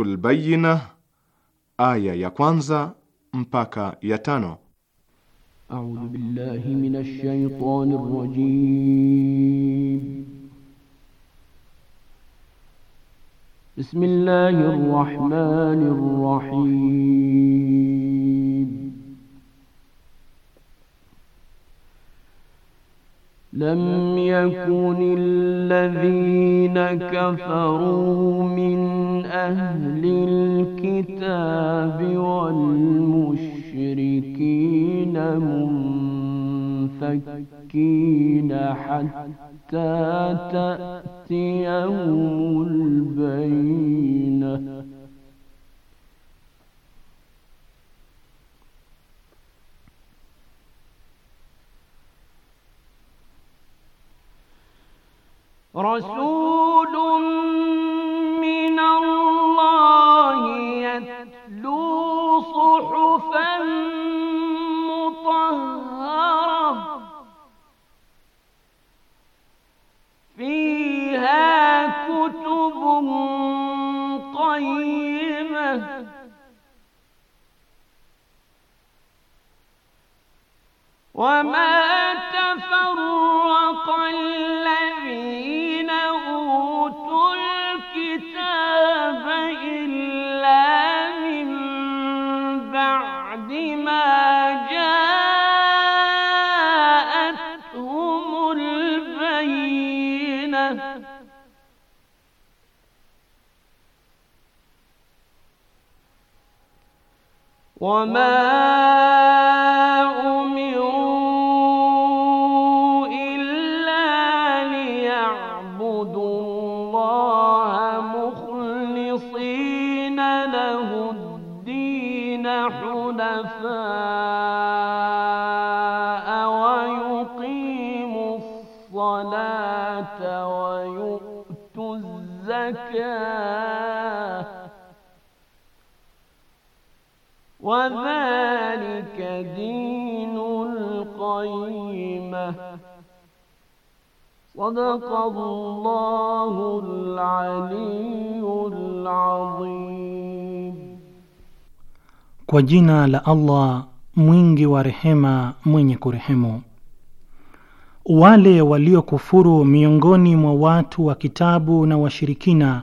Suratul Bayyina aya ya kwanza mpaka ya tano. A'udhu billahi minash shaitani rrajim. Bismillahir rahmanir rahim. Lam yakuni alladhina kafaru min أهل الكتاب والمشركين منفكين حتى تأتيهم البينة رسول صحفا مطهرة فيها كتب قيمة وما تفرق الذين وما Wadhalika dinul qayyima. Sadaqallahul aliyyul adhim. Kwa jina la Allah mwingi wa rehema mwenye kurehemu. Wale waliokufuru miongoni mwa watu wa kitabu na washirikina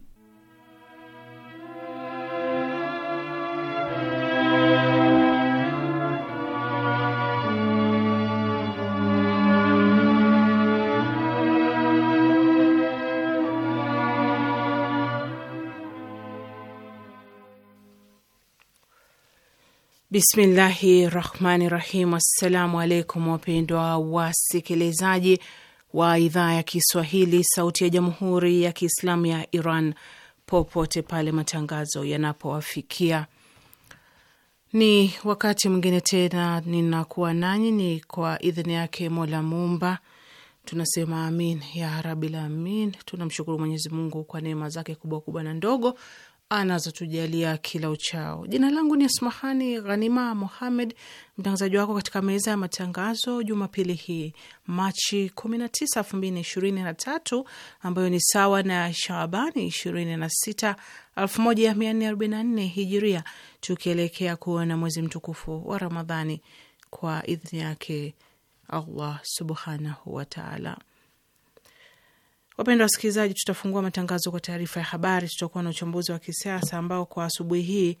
Bismillahi rahmani rahim. Assalamu alaikum wapendwa wasikilizaji wa idhaa ya Kiswahili sauti ya jamhuri ya Kiislamu ya Iran popote pale matangazo yanapowafikia. Ni wakati mwingine tena ninakuwa nanyi, ni kwa idhini yake Mola mumba Tunasema amin ya rabil amin. Tunamshukuru Mwenyezi Mungu kwa neema zake kubwa kubwa na ndogo anazotujalia kila uchao. Jina langu ni Asmahani Ghanima Mohamed, mtangazaji wako katika meza ya matangazo Jumapili hii Machi 19, 2023 ambayo ni sawa na Shaabani 26, 1444 Hijiria, tukielekea kuona mwezi mtukufu wa Ramadhani kwa idhini yake Allah subhanahu wataala. Wapendwa wasikilizaji, tutafungua matangazo kwa taarifa ya habari. Tutakuwa na uchambuzi wa kisiasa ambao kwa asubuhi hii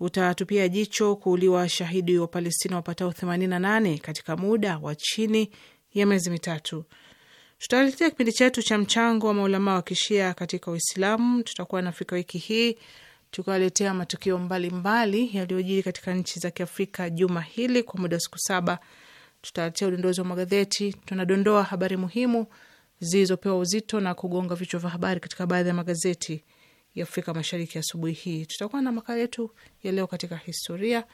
utatupia jicho kuuliwa shahidi wa Palestina wapatao 88 katika muda wa chini ya miezi mitatu. Tutaletea kipindi chetu cha mchango wa maulama wa kishia katika Uislamu. Tutakuwa na Afrika wiki hii, tukawaletea matukio mbalimbali yaliyojiri katika nchi za kiafrika juma hili kwa muda wa siku saba. Tutaletea udondozi wa magazeti, tunadondoa habari muhimu zilizopewa uzito na kugonga vichwa vya habari katika baadhi ya magazeti ya Afrika Mashariki asubuhi hii. Tutakuwa na makala yetu ya leo katika historia,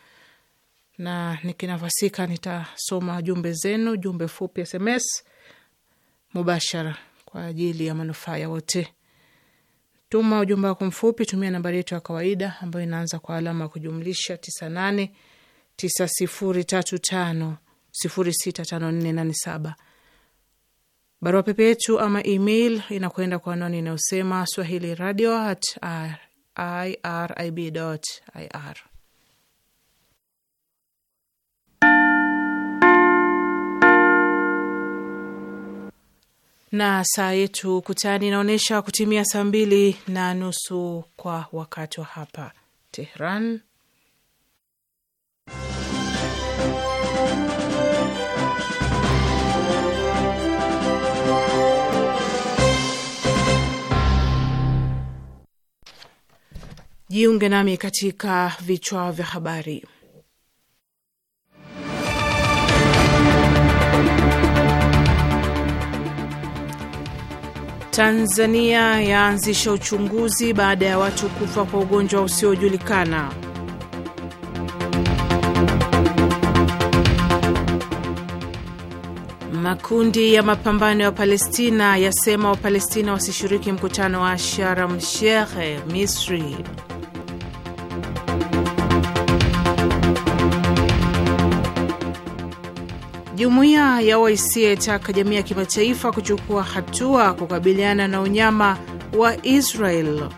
na nikinafasika nitasoma jumbe zenu, jumbe fupi SMS mubashara kwa ajili ya manufaa ya wote. Tuma ujumbe wako mfupi, tumia nambari yetu ya kawaida ambayo inaanza kwa alama ya kujumlisha 989035065487 Barua pepe yetu ama email inakwenda kwa anwani inayosema swahili radio at irib ir. Na saa yetu kutani inaonyesha kutimia saa mbili na nusu kwa wakati wa hapa Tehran. Jiunge nami katika vichwa vya habari. Tanzania yaanzisha uchunguzi baada ya watu kufa kwa ugonjwa usiojulikana. Makundi ya mapambano ya Palestina yasema Wapalestina wasishiriki mkutano wa Sharm el Sheikh Misri. Jumuiya ya OIC yataka jamii ya kimataifa kuchukua hatua kukabiliana na unyama wa Israel.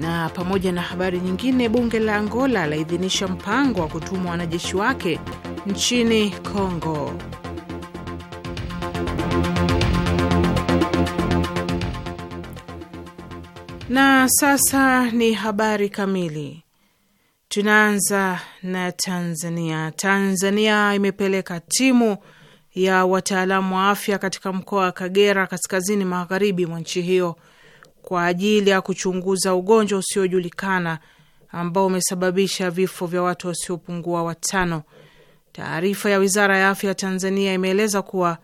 Na pamoja na habari nyingine, bunge la Angola laidhinisha mpango wa kutumwa wanajeshi wake nchini Kongo. Na sasa ni habari kamili. Tunaanza na Tanzania. Tanzania imepeleka timu ya wataalamu wa afya katika mkoa wa Kagera, kaskazini magharibi mwa nchi hiyo kwa ajili ya kuchunguza ugonjwa usiojulikana ambao umesababisha vifo vya watu wasiopungua watano. Taarifa ya wizara ya afya ya Tanzania imeeleza kuwa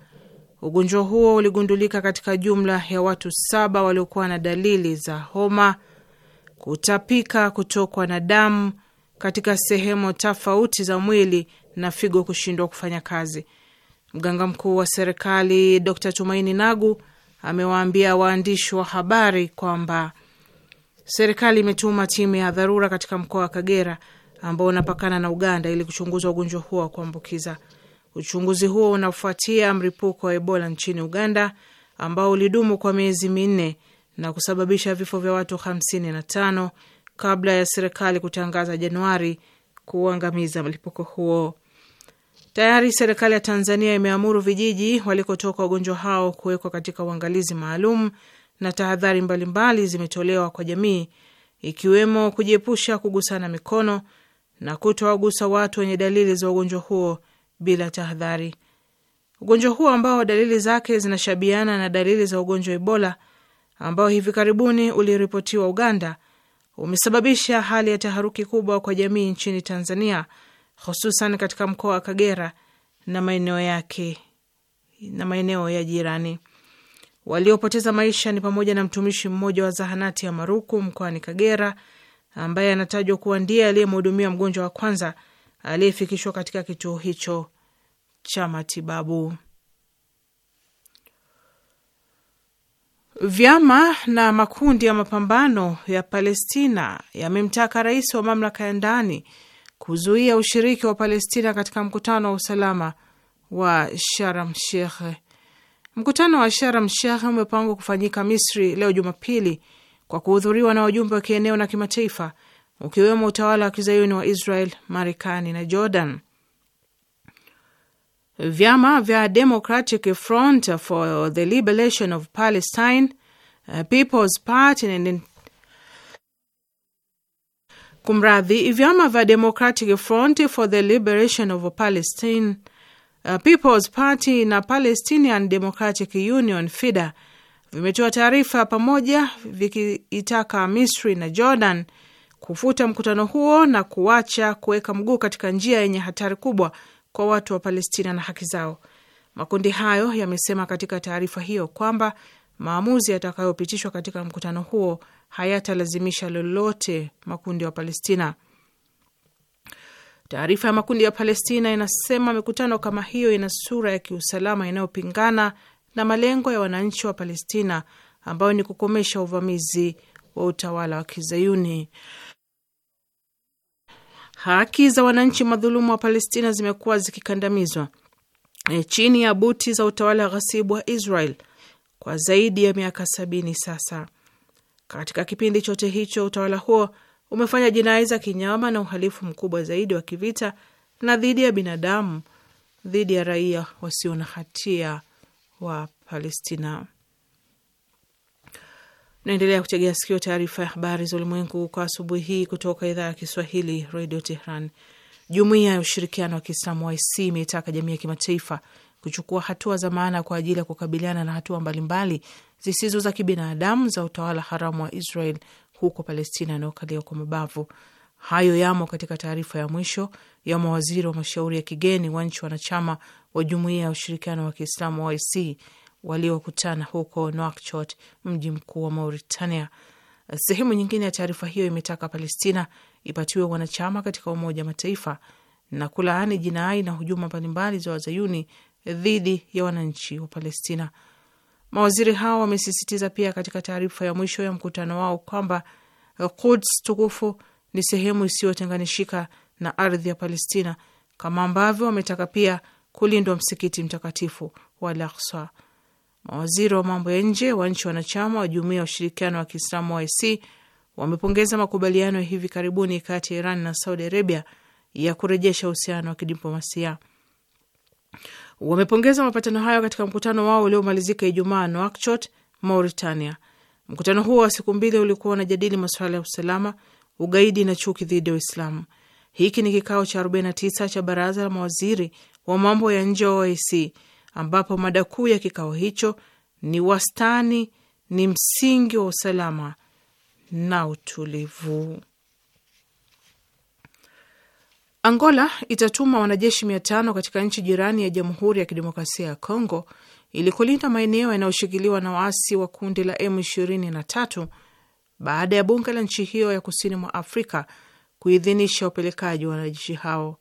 Ugonjwa huo uligundulika katika jumla ya watu saba waliokuwa na dalili za homa, kutapika, kutokwa na damu katika sehemu tofauti za mwili na figo kushindwa kufanya kazi. Mganga mkuu wa serikali Dr. Tumaini Nagu amewaambia waandishi wa habari kwamba serikali imetuma timu ya dharura katika mkoa wa Kagera ambao unapakana na Uganda ili kuchunguza ugonjwa huo wa kuambukiza. Uchunguzi huo unafuatia mripuko wa Ebola nchini Uganda ambao ulidumu kwa miezi minne na kusababisha vifo vya watu 55 kabla ya serikali kutangaza Januari kuangamiza mlipuko huo. Tayari serikali ya Tanzania imeamuru vijiji walikotoka wagonjwa hao kuwekwa katika uangalizi maalum na tahadhari mbalimbali zimetolewa kwa jamii, ikiwemo kujiepusha kugusana mikono na kutowagusa watu wenye dalili za ugonjwa huo bila tahadhari. Ugonjwa huo ambao dalili zake zinashabiana na dalili za ugonjwa Ebola ambao hivi karibuni uliripotiwa Uganda umesababisha hali ya taharuki kubwa kwa jamii nchini Tanzania, hususan katika mkoa wa Kagera na maeneo yake na maeneo ya jirani. Waliopoteza maisha ni pamoja na mtumishi mmoja wa zahanati ya Maruku mkoani Kagera ambaye anatajwa kuwa ndiye aliyemhudumia mgonjwa wa kwanza aliyefikishwa katika kituo hicho cha matibabu. Vyama na makundi ya mapambano ya Palestina yamemtaka rais wa mamlaka ya ndani kuzuia ushiriki wa Palestina katika mkutano wa usalama wa Sharm Sheikh. Mkutano wa Sharm Sheikh umepangwa kufanyika Misri leo Jumapili kwa kuhudhuriwa na wajumbe wa kieneo na kimataifa ukiwemo utawala wa kizayuni wa Israel, Marekani na Jordan. Vyama vya Democratic Front for the Liberation of Palestine, uh, People's Party and Kumradhi, vyama vya Democratic Front for the Liberation of Palestine, uh, People's Party na Palestinian Democratic Union FIDA vimetoa taarifa pamoja vikiitaka Misri na Jordan kufuta mkutano huo na kuacha kuweka mguu katika njia yenye hatari kubwa kwa watu wa Palestina na haki zao. Makundi hayo yamesema katika taarifa hiyo kwamba maamuzi yatakayopitishwa katika mkutano huo hayatalazimisha lolote makundi ya Palestina. Taarifa ya makundi ya Palestina inasema mikutano kama hiyo ina sura ya kiusalama inayopingana na malengo ya wananchi wa Palestina ambayo ni kukomesha uvamizi wa utawala wa Kizayuni. Haki za wananchi madhulumu wa Palestina zimekuwa zikikandamizwa e, chini ya buti za utawala ghasibu wa Israel kwa zaidi ya miaka sabini sasa. Katika kipindi chote hicho, utawala huo umefanya jinai za kinyama na uhalifu mkubwa zaidi wa kivita na dhidi ya binadamu dhidi ya raia wasio na hatia wa Palestina. Naendelea kutegea sikio taarifa ya habari za ulimwengu kwa asubuhi hii kutoka idhaa ya Kiswahili Radio Tehran. Jumuiya ya ushirikiano wa Kiislamu OIC imeitaka jamii ya kimataifa kuchukua hatua za maana kwa ajili ya kukabiliana na hatua mbalimbali zisizo za kibinadamu za utawala haramu wa Israel huko Palestina inayokaliwa kwa mabavu. Hayo yamo katika taarifa ya mwisho ya mawaziri wa mashauri ya kigeni wa nchi wanachama wa jumuiya ya ushirikiano wa Kiislamu OIC waliokutana huko Nouakchott, mji mkuu wa Mauritania. Sehemu nyingine ya taarifa hiyo imetaka Palestina ipatiwe wanachama katika Umoja wa Mataifa na kulaani jinai na hujuma mbalimbali za wazayuni dhidi ya wananchi wa Palestina. Mawaziri hao wamesisitiza pia katika taarifa ya mwisho ya mkutano wao kwamba Quds tukufu ni sehemu isiyotenganishika na ardhi ya Palestina, kama ambavyo wametaka pia kulindwa msikiti mtakatifu wa Al-Aqsa. Mawaziri wa mambo ya nje wa nchi wanachama wa jumuia ya Ushirikiano wa Kiislamu OIC wamepongeza makubaliano ya hivi karibuni kati ya Iran na Saudi Arabia ya kurejesha uhusiano wa kidiplomasia. Wamepongeza mapatano hayo katika mkutano wao uliomalizika Ijumaa Nouakchott, Mauritania. Mkutano huo wa siku mbili ulikuwa unajadili masuala ya usalama, ugaidi na chuki dhidi ya Uislamu. Hiki ni kikao cha 49 cha baraza la mawaziri wa mambo ya nje wa OIC ambapo mada kuu ya kikao hicho ni wastani ni msingi wa usalama na utulivu. Angola itatuma wanajeshi mia tano katika nchi jirani ya Jamhuri ya Kidemokrasia ya Kongo ili kulinda maeneo yanayoshikiliwa na waasi wa kundi la M23 baada ya bunge la nchi hiyo ya kusini mwa Afrika kuidhinisha upelekaji wa wanajeshi hao.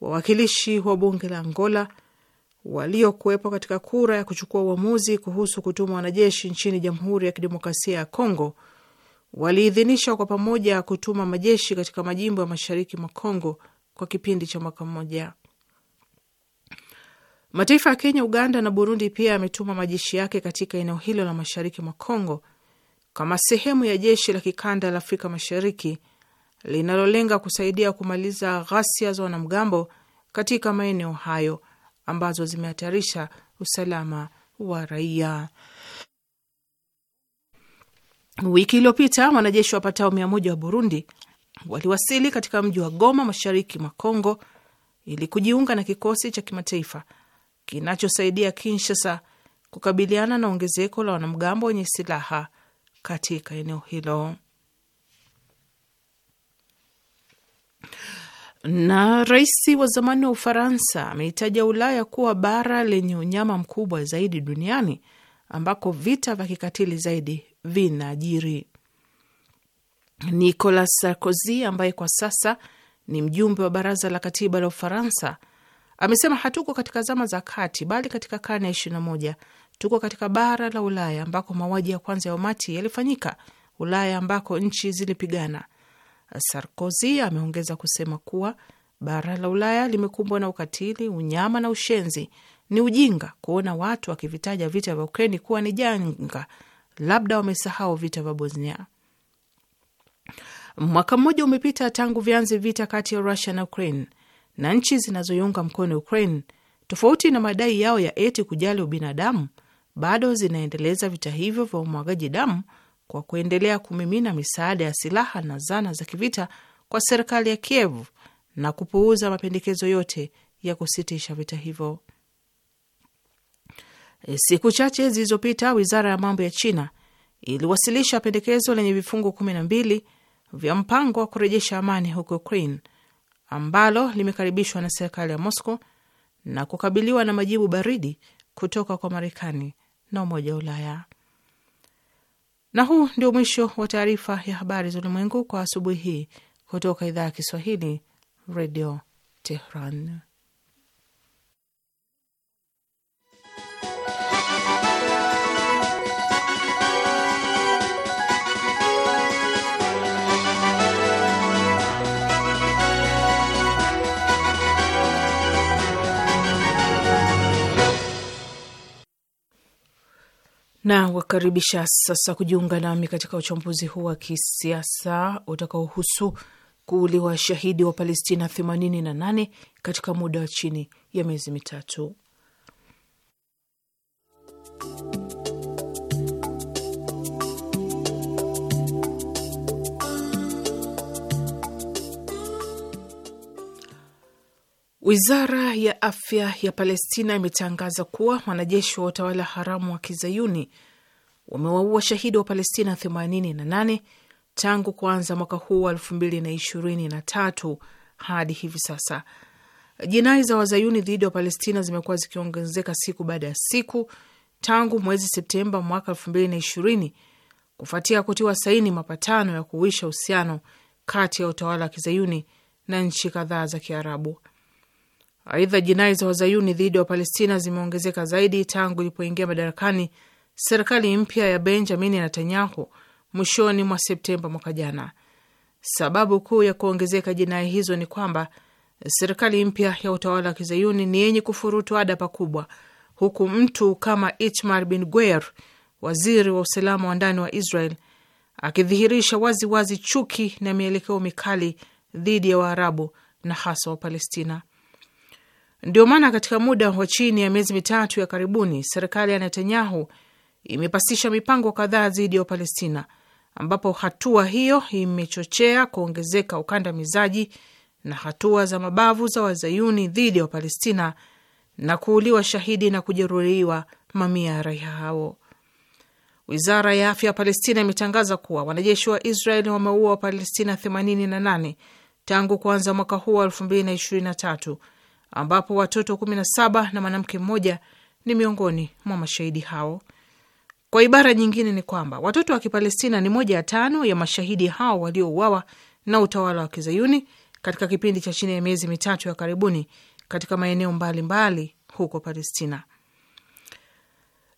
Wawakilishi wa bunge la Angola waliokuwepo katika kura ya kuchukua uamuzi kuhusu kutuma wanajeshi nchini Jamhuri ya Kidemokrasia ya Kongo waliidhinisha kwa pamoja kutuma majeshi katika majimbo ya mashariki mwa Kongo kwa kipindi cha mwaka mmoja. Mataifa ya Kenya, Uganda na Burundi pia yametuma majeshi yake katika eneo hilo la mashariki mwa Kongo kama sehemu ya jeshi la kikanda la Afrika Mashariki linalolenga kusaidia kumaliza ghasia za wanamgambo katika maeneo hayo ambazo zimehatarisha usalama wa raia. Wiki iliyopita wanajeshi wapatao mia moja wa Burundi waliwasili katika mji wa Goma, mashariki mwa congo ili kujiunga na kikosi cha kimataifa kinachosaidia Kinshasa kukabiliana na ongezeko la wanamgambo wenye silaha katika eneo hilo. Na rais wa zamani wa Ufaransa ameitaja Ulaya kuwa bara lenye unyama mkubwa zaidi duniani ambako vita vya kikatili zaidi vinajiri. Nicolas Sarkozy ambaye kwa sasa ni mjumbe wa baraza la katiba la Ufaransa amesema hatuko katika zama za kati, bali katika karne ya moja tuko katika bara la Ulaya ambako mauaji ya kwanza ya umati yalifanyika, Ulaya ambako nchi zilipigana Sarkozy ameongeza kusema kuwa bara la Ulaya limekumbwa na ukatili, unyama na ushenzi. Ni ujinga kuona watu wakivitaja vita vya Ukraini kuwa ni janga, labda wamesahau vita vya Bosnia. Mwaka mmoja umepita tangu vianze vita kati ya Rusia na Ukraine na nchi zinazoiunga mkono Ukraine, tofauti na madai yao ya eti kujali ubinadamu, bado zinaendeleza vita hivyo vya umwagaji damu kwa kuendelea kumimina misaada ya silaha na zana za kivita kwa serikali ya Kiev na kupuuza mapendekezo yote ya kusitisha vita hivyo. E, siku chache zilizopita, wizara ya mambo ya China iliwasilisha pendekezo lenye vifungu kumi na mbili vya mpango wa kurejesha amani huko Ukraine ambalo limekaribishwa na serikali ya Moscow na kukabiliwa na majibu baridi kutoka kwa Marekani na Umoja wa Ulaya. Na huu ndio mwisho wa taarifa ya habari za ulimwengu kwa asubuhi hii kutoka idhaa ya Kiswahili, Redio Tehran. na wakaribisha sasa kujiunga nami katika uchambuzi huu wa kisiasa utakaohusu kuuliwa shahidi wa Palestina 88 katika muda wa chini ya miezi mitatu. Wizara ya afya ya Palestina imetangaza kuwa wanajeshi wa utawala haramu wa kizayuni wamewaua shahidi wa Palestina 88 tangu kuanza mwaka huu wa 2023 hadi hivi sasa. Jinai za wazayuni dhidi ya Palestina zimekuwa zikiongezeka siku baada ya siku tangu mwezi Septemba mwaka 2020 kufuatia kutiwa saini mapatano ya kuuisha uhusiano kati ya utawala wa kizayuni na nchi kadhaa za Kiarabu. Aidha, jinai za wazayuni dhidi ya Wapalestina zimeongezeka zaidi tangu ilipoingia madarakani serikali mpya ya Benjamin Netanyahu mwishoni mwa Septemba mwaka jana. Sababu kuu ya kuongezeka jinai hizo ni kwamba serikali mpya ya utawala wa kizayuni ni yenye kufurutu ada pakubwa, huku mtu kama Itamar Bin Gwer, waziri wa usalama wa ndani wa Israel, akidhihirisha waziwazi chuki na mielekeo mikali dhidi ya Waarabu na hasa Wapalestina. Ndio maana katika muda wa chini ya miezi mitatu ya karibuni serikali ya Netanyahu imepasisha mipango kadhaa dhidi ya wapalestina ambapo hatua hiyo imechochea kuongezeka ukandamizaji na hatua za mabavu za wazayuni dhidi ya Wapalestina na kuuliwa shahidi na kujeruhiwa mamia ya raia hao. Wizara ya afya ya Palestina imetangaza kuwa wanajeshi wa Israeli wameua Wapalestina 88 tangu kuanza mwaka huu wa 2023 ambapo watoto 17 na mwanamke mmoja ni miongoni mwa mashahidi hao. Kwa ibara nyingine ni kwamba watoto wa Kipalestina ni moja ya tano ya mashahidi hao waliouawa na utawala wa kizayuni katika kipindi cha chini ya miezi mitatu ya karibuni katika maeneo mbalimbali mbali huko Palestina.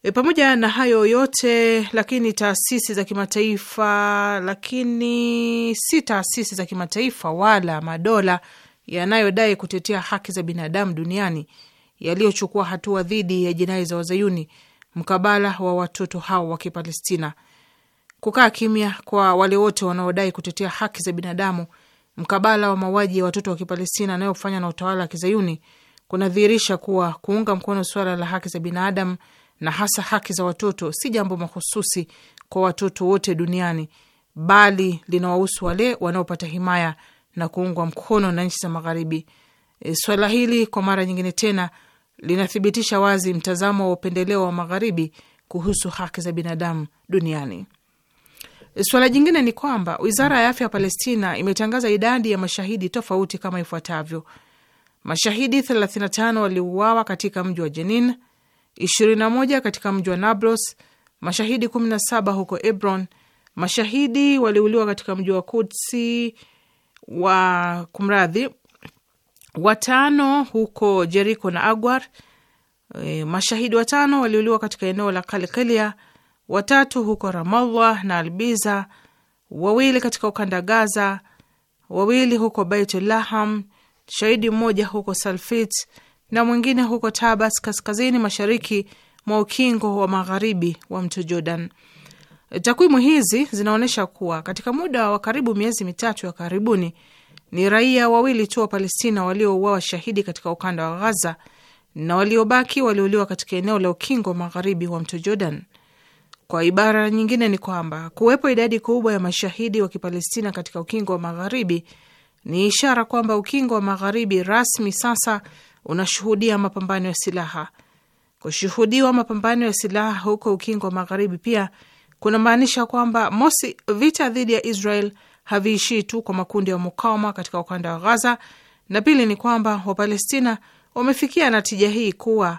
E, pamoja na hayo yote lakini taasisi za kimataifa, lakini si taasisi za kimataifa wala madola yanayodai kutetea haki za binadamu duniani yaliyochukua hatua dhidi ya jinai za wazayuni mkabala wa watoto hao wa Kipalestina. Kukaa kimya kwa wale wote wanaodai kutetea haki za binadamu mkabala wa mauaji ya watoto wa Kipalestina anayofanywa na utawala wa kizayuni kunadhihirisha kuwa kuunga mkono suala la haki za binadamu na hasa haki za watoto si jambo mahususi kwa watoto wote duniani, bali linawahusu wale wanaopata himaya na kuungwa mkono na nchi za Magharibi. E, swala hili kwa mara nyingine tena linathibitisha wazi mtazamo wa upendeleo wa Magharibi kuhusu haki za binadamu duniani. E, swala jingine ni kwamba wizara ya afya ya Palestina imetangaza idadi ya mashahidi tofauti kama ifuatavyo: mashahidi 35 waliuawa katika mji wa Jenin, 21 katika mji wa Nablos, mashahidi 17 huko Hebron, mashahidi waliuliwa katika mji wa Kudsi wa kumradhi watano huko Jeriko na Agwar. E, mashahidi watano waliuliwa katika eneo la kalikilia watatu huko Ramallah na Albiza, wawili katika ukanda Gaza, wawili huko Baitulaham, shahidi mmoja huko Salfit na mwingine huko Tabas, kaskazini mashariki mwa ukingo wa magharibi wa mto Jordan. Takwimu hizi zinaonyesha kuwa katika muda wa karibu miezi mitatu ya karibuni ni raia wawili tu wa Palestina waliouawa shahidi katika ukanda wa Ghaza na waliobaki waliuliwa katika eneo la ukingo magharibi wa mto Jordan. Kwa ibara nyingine ni kwamba kuwepo idadi kubwa ya mashahidi wa Kipalestina katika ukingo wa magharibi ni ishara kwamba ukingo wa magharibi rasmi sasa unashuhudia mapambano ya silaha. Kushuhudiwa mapambano ya silaha huko ukingo wa magharibi pia kunamaanisha kwamba mosi, vita dhidi ya Israel haviishii tu kwa makundi ya mukawama katika ukanda wa Ghaza, na pili ni kwamba Wapalestina wamefikia natija hii kuwa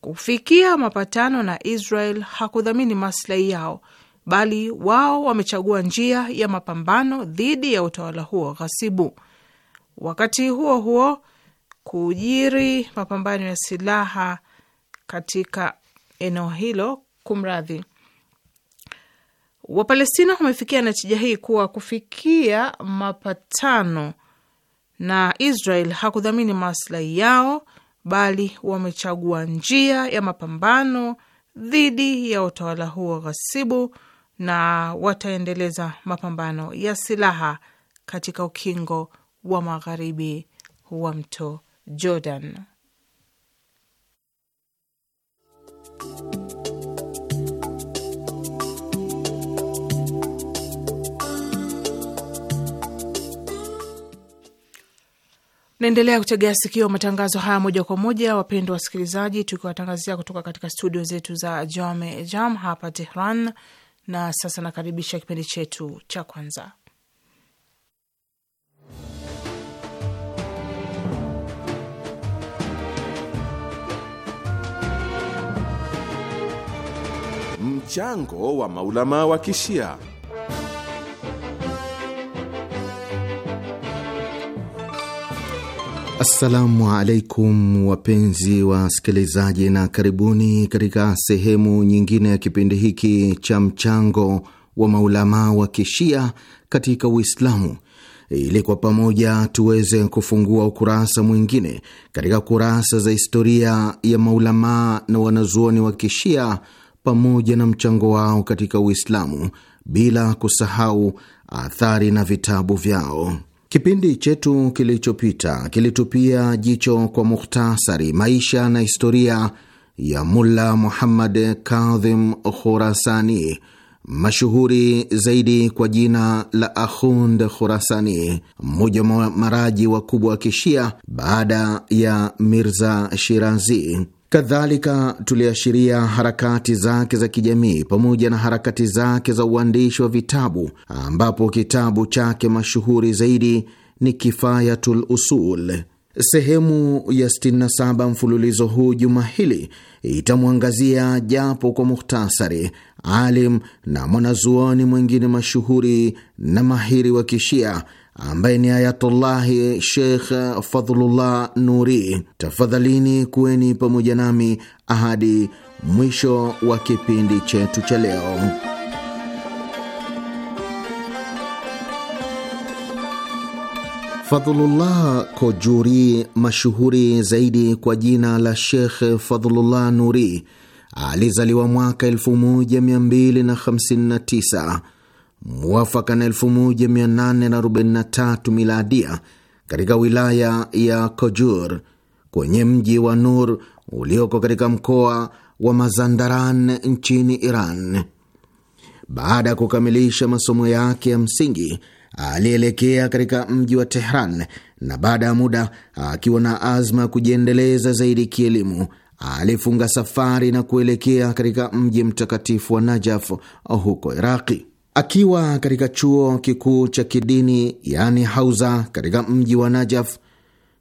kufikia mapatano na Israel hakudhamini maslahi yao, bali wao wamechagua njia ya mapambano dhidi ya utawala huo ghasibu. Wakati huo huo, kujiri mapambano ya silaha katika eneo hilo, kumradhi Wapalestina wamefikia natija hii kuwa kufikia mapatano na Israel hakudhamini maslahi yao, bali wamechagua njia ya mapambano dhidi ya utawala huo ghasibu na wataendeleza mapambano ya silaha katika ukingo wa magharibi wa mto Jordan. Naendelea kutegea sikio matangazo haya moja kwa moja, wapendwa wasikilizaji, tukiwatangazia kutoka katika studio zetu za Jame Jam hapa Tehran. Na sasa nakaribisha kipindi chetu cha kwanza, mchango wa maulama wa Kishia. Assalamu alaikum wapenzi sikilizaji, na karibuni katika sehemu nyingine ya kipindi hiki cha mchango wa maulamaa wa kishia katika Uislamu, ili kwa pamoja tuweze kufungua ukurasa mwingine katika kurasa za historia ya maulamaa na wanazuoni wa kishia pamoja na mchango wao katika Uislamu, bila kusahau athari na vitabu vyao. Kipindi chetu kilichopita kilitupia jicho kwa mukhtasari maisha na historia ya Mulla Muhammad Kadhim Khurasani, mashuhuri zaidi kwa jina la Akhund Khurasani, mmoja wa maraji wakubwa wa Kishia baada ya Mirza Shirazi. Kadhalika tuliashiria harakati zake za kijamii pamoja na harakati zake za uandishi wa vitabu ambapo kitabu chake mashuhuri zaidi ni Kifayatul Usul. Sehemu ya 67 mfululizo huu juma hili itamwangazia japo kwa muhtasari alim na mwanazuoni mwingine mashuhuri na mahiri wa Kishia ambaye ni Ayatullahi Sheikh Fadhlullah Nuri. Tafadhalini kuweni pamoja nami ahadi mwisho wa kipindi chetu cha leo. Fadhlullah Kojuri, mashuhuri zaidi kwa jina la Sheikh Fadhlullah Nuri, alizaliwa mwaka 1259 mwafaka na 1843 miladia katika wilaya ya Kojur kwenye mji wa Nur ulioko katika mkoa wa Mazandaran nchini Iran. Baada ya kukamilisha masomo yake ya msingi, alielekea katika mji wa Tehran, na baada ya muda, akiwa na azma ya kujiendeleza zaidi kielimu, alifunga safari na kuelekea katika mji mtakatifu wa Najaf huko Iraqi. Akiwa katika chuo kikuu cha kidini yani hauza katika mji wa Najaf,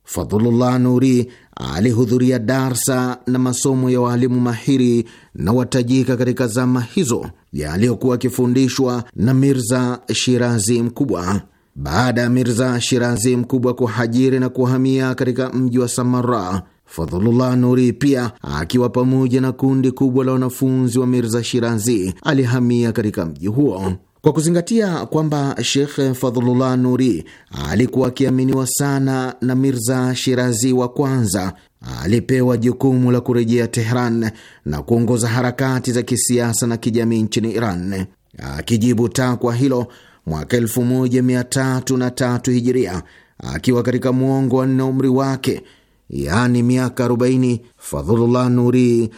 Fadhulullah Nuri alihudhuria darsa na masomo ya waalimu mahiri na watajika katika zama hizo yaliyokuwa akifundishwa na Mirza Shirazi Mkubwa. Baada ya Mirza Shirazi Mkubwa kuhajiri na kuhamia katika mji wa Samara, Fadhulullah Nuri pia akiwa pamoja na kundi kubwa la wanafunzi wa Mirza Shirazi alihamia katika mji huo. Kwa kuzingatia kwamba Shekh Fadhlullah Nuri alikuwa akiaminiwa sana na Mirza Shirazi wa kwanza, alipewa jukumu la kurejea Tehran na kuongoza harakati za kisiasa na kijamii nchini Iran. Akijibu takwa hilo mwaka tatu Hijiria, akiwa katika mwongo wa nne umri wake, yaani miaka 40, Fadhlullah Nuri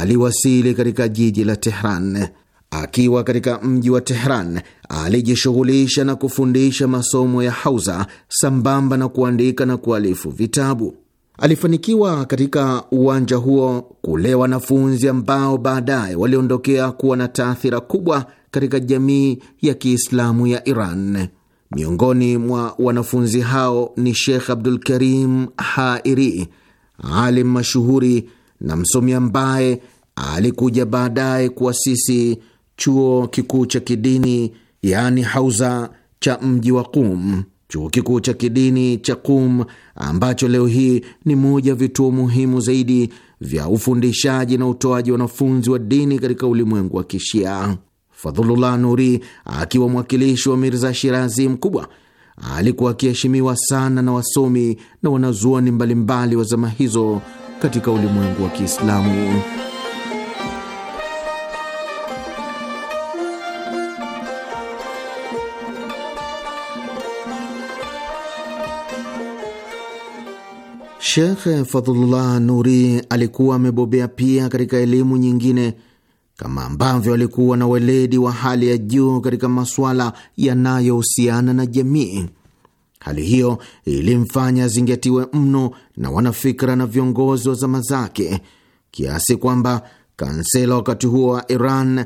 aliwasili katika jiji la Tehran. Akiwa katika mji wa Tehran alijishughulisha na kufundisha masomo ya hauza sambamba na kuandika na kualifu vitabu. Alifanikiwa katika uwanja huo kule wanafunzi ambao baadaye waliondokea kuwa na taathira kubwa katika jamii ya Kiislamu ya Iran. Miongoni mwa wanafunzi hao ni Shekh Abdul Karim Hairi, alim mashuhuri na msomi ambaye alikuja baadaye kuasisi chuo kikuu cha kidini yaani hauza cha mji wa Qum. Chuo kikuu cha kidini cha Qum ambacho leo hii ni moja vituo muhimu zaidi vya ufundishaji na utoaji wanafunzi wa dini katika ulimwengu wa Kishia. Fadhulullah Nuri akiwa mwakilishi wa Mirza Shirazi mkubwa alikuwa akiheshimiwa sana na wasomi na wanazuoni mbalimbali wa zama hizo katika ulimwengu wa Kiislamu. shekh Fadhulullah Nuri alikuwa amebobea pia katika elimu nyingine kama ambavyo alikuwa na weledi wa hali ya juu katika masuala yanayohusiana na jamii. Hali hiyo ilimfanya azingatiwe mno na wanafikra na viongozi wa zama zake, kiasi kwamba kansela wakati huo wa Iran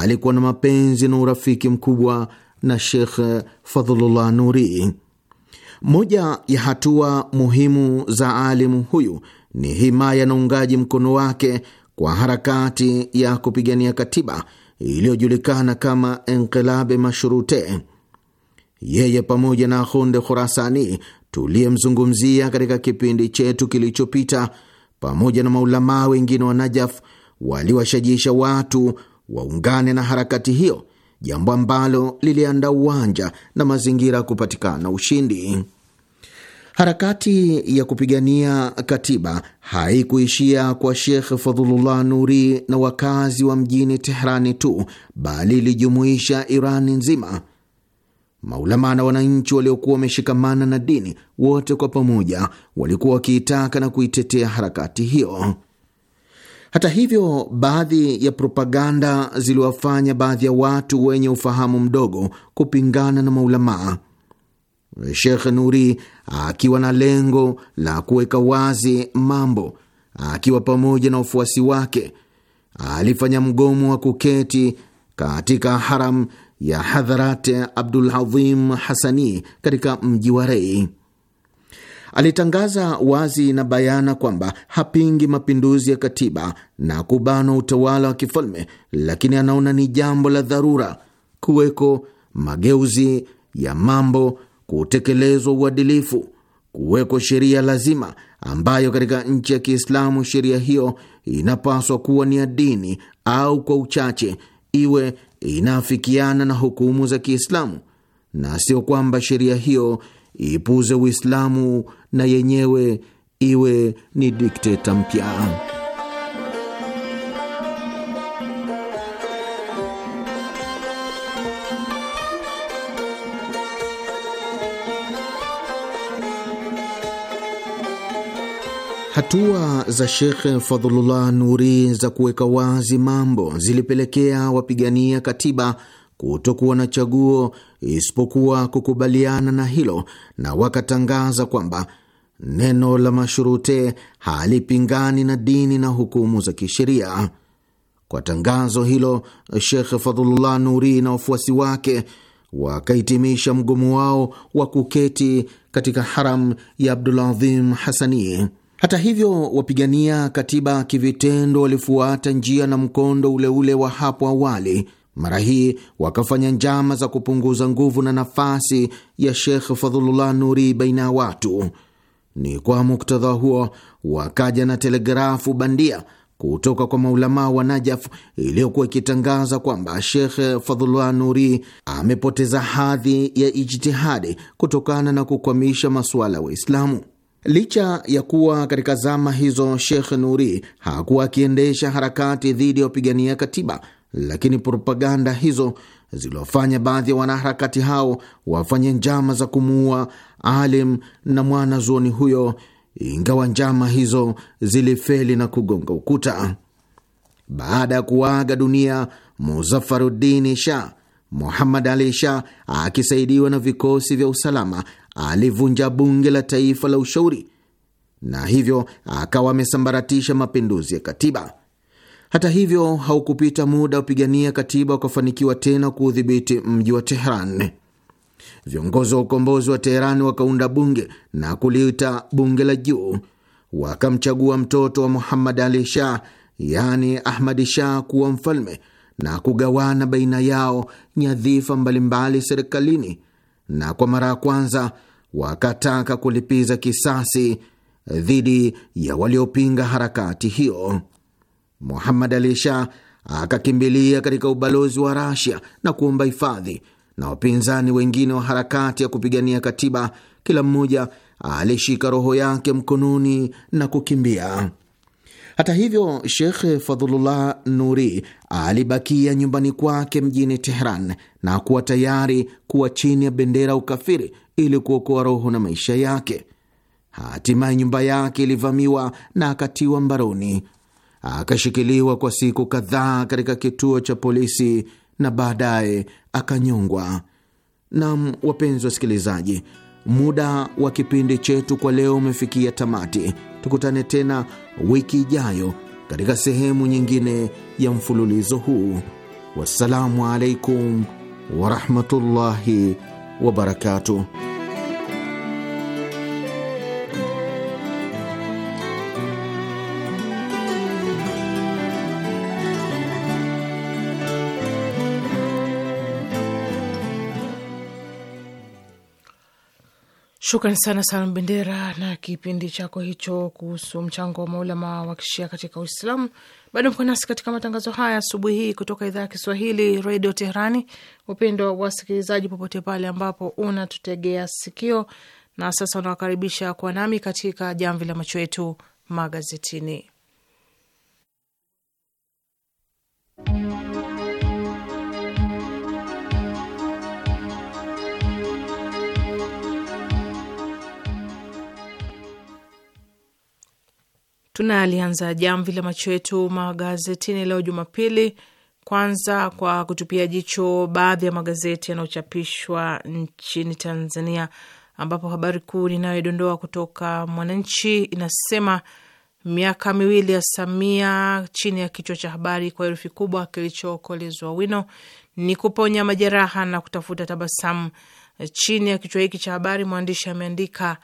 alikuwa na mapenzi na urafiki mkubwa na Shekh Fadhulullah Nuri. Moja ya hatua muhimu za alimu huyu ni himaya na uungaji mkono wake kwa harakati ya kupigania katiba iliyojulikana kama Enkelabe mashurute Yeye pamoja na Hunde Khurasani tuliyemzungumzia katika kipindi chetu kilichopita, pamoja na maulamaa wengine wa Najaf waliwashajisha watu waungane na harakati hiyo jambo ambalo liliandaa uwanja na mazingira kupatikana ushindi. Harakati ya kupigania katiba haikuishia kwa Shekh Fadhulullah Nuri na wakazi wa mjini Tehrani tu, bali ilijumuisha Irani nzima. Maulama na wananchi waliokuwa wameshikamana na dini, wote kwa pamoja walikuwa wakiitaka na kuitetea harakati hiyo. Hata hivyo, baadhi ya propaganda ziliwafanya baadhi ya watu wenye ufahamu mdogo kupingana na maulamaa. Shekh Nuri akiwa na lengo la kuweka wazi mambo, akiwa pamoja na wafuasi wake, alifanya mgomo wa kuketi katika haram ya Hadharat Abdulazim Hasani katika mji wa Rei. Alitangaza wazi na bayana kwamba hapingi mapinduzi ya katiba na kubanwa utawala wa kifalme, lakini anaona ni jambo la dharura kuweko mageuzi ya mambo, kutekelezwa uadilifu, kuweko sheria lazima, ambayo katika nchi ya Kiislamu sheria hiyo inapaswa kuwa ni ya dini au kwa uchache iwe inaafikiana na hukumu za Kiislamu na sio kwamba sheria hiyo ipuze Uislamu na yenyewe iwe ni dikteta mpya. Hatua za shekhe Fadhlullah Nuri za kuweka wazi mambo zilipelekea wapigania katiba kutokuwa na chaguo isipokuwa kukubaliana na hilo, na wakatangaza kwamba Neno la mashurute halipingani na dini na hukumu za kisheria. Kwa tangazo hilo, Shekh Fadhulullah Nuri na wafuasi wake wakahitimisha mgomo wao wa kuketi katika haram ya Abduladhim Hasani. Hata hivyo, wapigania katiba kivitendo walifuata njia na mkondo uleule ule wa hapo awali. Mara hii wakafanya njama za kupunguza nguvu na nafasi ya Shekh Fadhulullah Nuri baina ya watu. Ni kwa muktadha huo wakaja na telegrafu bandia kutoka kwa maulamaa wa Najaf iliyokuwa ikitangaza kwamba Shekh Fadhullah Nuri amepoteza hadhi ya ijtihadi kutokana na kukwamisha masuala ya Waislamu. Licha ya kuwa katika zama hizo Shekh Nuri hakuwa akiendesha harakati dhidi ya wapigania katiba, lakini propaganda hizo ziliofanya baadhi ya wanaharakati hao wafanye njama za kumuua alim na mwana zuoni huyo, ingawa njama hizo zilifeli na kugonga ukuta. Baada ya kuaga dunia Muzafarudini Shah, Muhammad Ali Shah akisaidiwa na vikosi vya usalama alivunja bunge la taifa la ushauri na hivyo akawa amesambaratisha mapinduzi ya katiba. Hata hivyo, haukupita muda wapigania katiba wakafanikiwa tena kuudhibiti mji wa Tehran. Viongozi wa ukombozi wa Teherani wakaunda bunge na kuliita bunge la juu. Wakamchagua mtoto wa Muhammad Ali Shah, yani Ahmadi Shah, kuwa mfalme na kugawana baina yao nyadhifa mbalimbali serikalini, na kwa mara ya kwanza wakataka kulipiza kisasi dhidi ya waliopinga harakati hiyo. Muhammad Ali Shah akakimbilia katika ubalozi wa Rasia na kuomba hifadhi, na wapinzani wengine wa harakati ya kupigania katiba, kila mmoja alishika roho yake mkononi na kukimbia. Hata hivyo, Shekh Fadhulullah Nuri alibakia nyumbani kwake mjini Tehran na kuwa tayari kuwa chini ya bendera ukafiri ili kuokoa roho na maisha yake. Hatimaye nyumba yake ilivamiwa na akatiwa mbaroni akashikiliwa kwa siku kadhaa katika kituo cha polisi na baadaye akanyongwa. Nam, wapenzi wasikilizaji, muda wa kipindi chetu kwa leo umefikia tamati. Tukutane tena wiki ijayo katika sehemu nyingine ya mfululizo huu. Wassalamu alaikum warahmatullahi wabarakatuh. Shukran sana sana Bendera na kipindi chako hicho kuhusu mchango wa maulama wa kishia katika Uislamu. Bado mko nasi katika matangazo haya asubuhi hii kutoka idhaa ya Kiswahili redio Teherani. Upendo wasikilizaji, popote pale ambapo unatutegea sikio, na sasa unawakaribisha kuwa nami katika jamvi la macho yetu magazetini. Tunalianza jamvi la macho yetu magazetini leo Jumapili, kwanza kwa kutupia jicho baadhi ya magazeti yanayochapishwa nchini Tanzania, ambapo habari kuu ninayodondoa kutoka Mwananchi inasema miaka miwili ya Samia, chini ya kichwa cha habari kwa herufi kubwa kilichokolezwa wino ni kuponya majeraha na kutafuta tabasamu. Chini ya kichwa hiki cha habari mwandishi ameandika